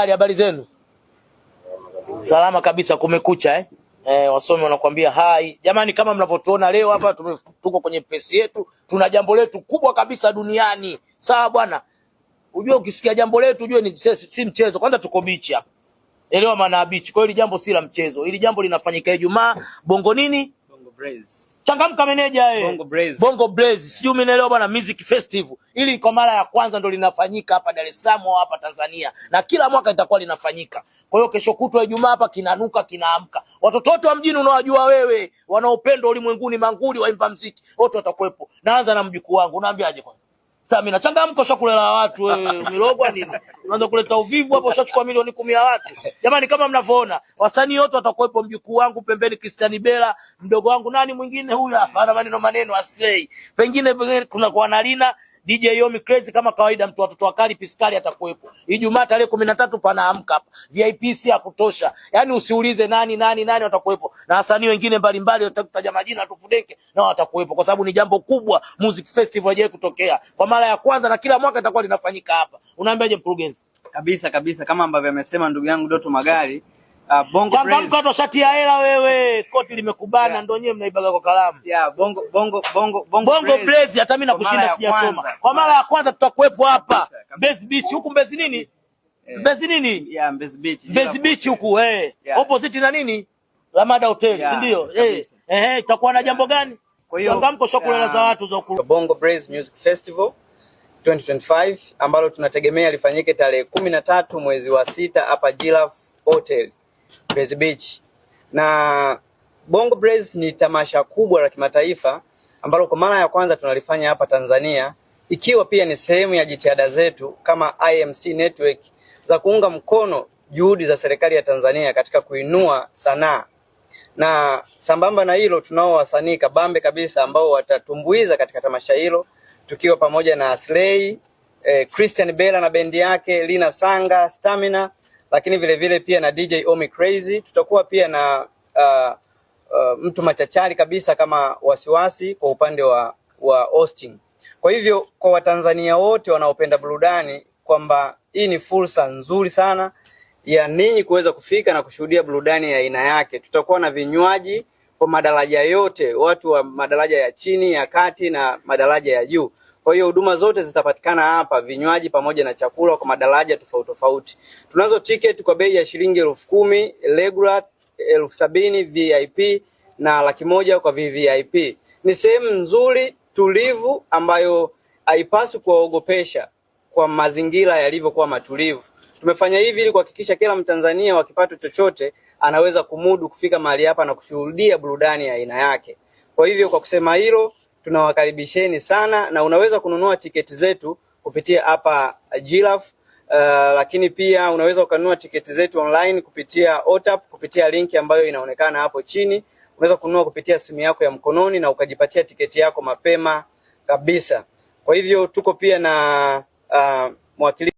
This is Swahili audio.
Hali habari zenu? Salama kabisa, kumekucha eh? Eh, wasomi wanakuambia hai. Jamani, kama mnavyotuona leo hapa tuko kwenye pesi yetu, tuna jambo letu kubwa kabisa duniani. Sawa bwana, ujue ukisikia jambo letu ujue ni si, si mchezo. Kwanza tuko bichi hapa, elewa maana ya bichi. Kwa hiyo hili jambo si la mchezo, hili jambo linafanyika Ijumaa Bongo nini Bongo Braze. Changamka meneja e. Bongo Blaze. Bongo Blaze. Sijui umeelewa bwana music festival. Ili kwa mara ya kwanza ndo linafanyika hapa Dar es Salaam au hapa Tanzania. Na kila mwaka itakuwa linafanyika. Kwa hiyo kesho kutwa Ijumaa hapa kinanuka kinaamka. Watoto wote wa mjini unawajua wewe, wanaopendwa ulimwenguni manguli waimba muziki, wote watakuwepo. Naanza na mjukuu wangu. Unaambiaje kwa? nachangamka changamko, kulela watu wewe, eh, mirogwa nini? Unaanza kuleta uvivu hapo, ushachukua milioni kumi ya watu. Jamani, kama mnavyoona wasanii wote watakuwepo, mjukuu wangu pembeni, Christian Bella, mdogo wangu nani mwingine huyu hapa, ana maneno maneno asilei, pengine pengine kuna kwa Nalina DJ Yomi Crazy kama kawaida, mtu watoto wakali piskali atakuwepo Ijumaa tarehe kumi na tatu panaamka hapa. VIP si ya kutosha, yaani usiulize nani nani nani, watakuwepo na wasanii wengine mbalimbali, watakutaja majina tufudenke na watakuwepo, kwa sababu ni jambo kubwa. Music festival haijawahi kutokea kwa mara ya kwanza, na kila mwaka itakuwa linafanyika hapa. Unaambiaje mkurugenzi? Kabisa kabisa, kama ambavyo amesema ndugu yangu Doto Magari uh, Bongo changamka, hata shati ya hela wewe, koti limekubana yeah. Ndio nyewe mnaibaga kwa kalamu yeah, Bongo Bongo Bongo Bongo, Bongo Blaze, hata mimi nakushinda sijasoma kwa mara ya kwanza, tutakuwepo hapa Mbezi Beach huku Mbezi nini yeah. Eh. Mbezi nini yeah, Mbezi Beach Mbezi Beach huku eh yeah. Opposite na nini Ramada Hotel yeah, si ndio eh eh, eh, itakuwa na jambo gani? Kwa hiyo changamko shokulala za watu za Bongo Blaze Music Festival 2025 ambalo tunategemea lifanyike tarehe 13 mwezi wa sita hapa Giraffe Hotel. Praise Beach. Na Bongo Praise ni tamasha kubwa la kimataifa ambalo kwa mara ya kwanza tunalifanya hapa Tanzania, ikiwa pia ni sehemu ya jitihada zetu kama IMC Network za kuunga mkono juhudi za serikali ya Tanzania katika kuinua sanaa. Na sambamba na hilo, tunao wasanii kabambe kabisa ambao watatumbuiza katika tamasha hilo tukiwa pamoja na Slay, eh, Christian Bella na bendi yake, Lina Sanga, Stamina lakini vile vile pia na DJ Omi Crazy. Tutakuwa pia na uh, uh, mtu machachari kabisa kama wasiwasi kwa upande wa, wa hosting. Kwa hivyo kwa Watanzania wote wanaopenda burudani kwamba hii ni fursa nzuri sana ya ninyi kuweza kufika na kushuhudia burudani ya aina yake. Tutakuwa na vinywaji kwa madaraja yote, watu wa madaraja ya chini, ya kati na madaraja ya juu. Kwa hiyo huduma zote zitapatikana hapa, vinywaji pamoja na chakula kwa madaraja tofauti tofauti. Tunazo tiketi kwa bei ya shilingi elfu kumi, regular elfu sabini, VIP na laki moja kwa VVIP. Ni sehemu nzuri tulivu ambayo haipaswi kuwaogopesha kwa mazingira yalivyokuwa matulivu. Tumefanya hivi ili kuhakikisha kila Mtanzania wa kipato chochote anaweza kumudu kufika mahali hapa na kushuhudia burudani ya aina yake. Kwa hivyo, kwa kusema hilo tunawakaribisheni sana, na unaweza kununua tiketi zetu kupitia hapa Giraf. Uh, eh, lakini pia unaweza ukanunua tiketi zetu online kupitia OTAP kupitia linki ambayo inaonekana hapo chini. Unaweza kununua kupitia simu yako ya mkononi na ukajipatia tiketi yako mapema kabisa. Kwa hivyo tuko pia na uh, ah, mwakilishi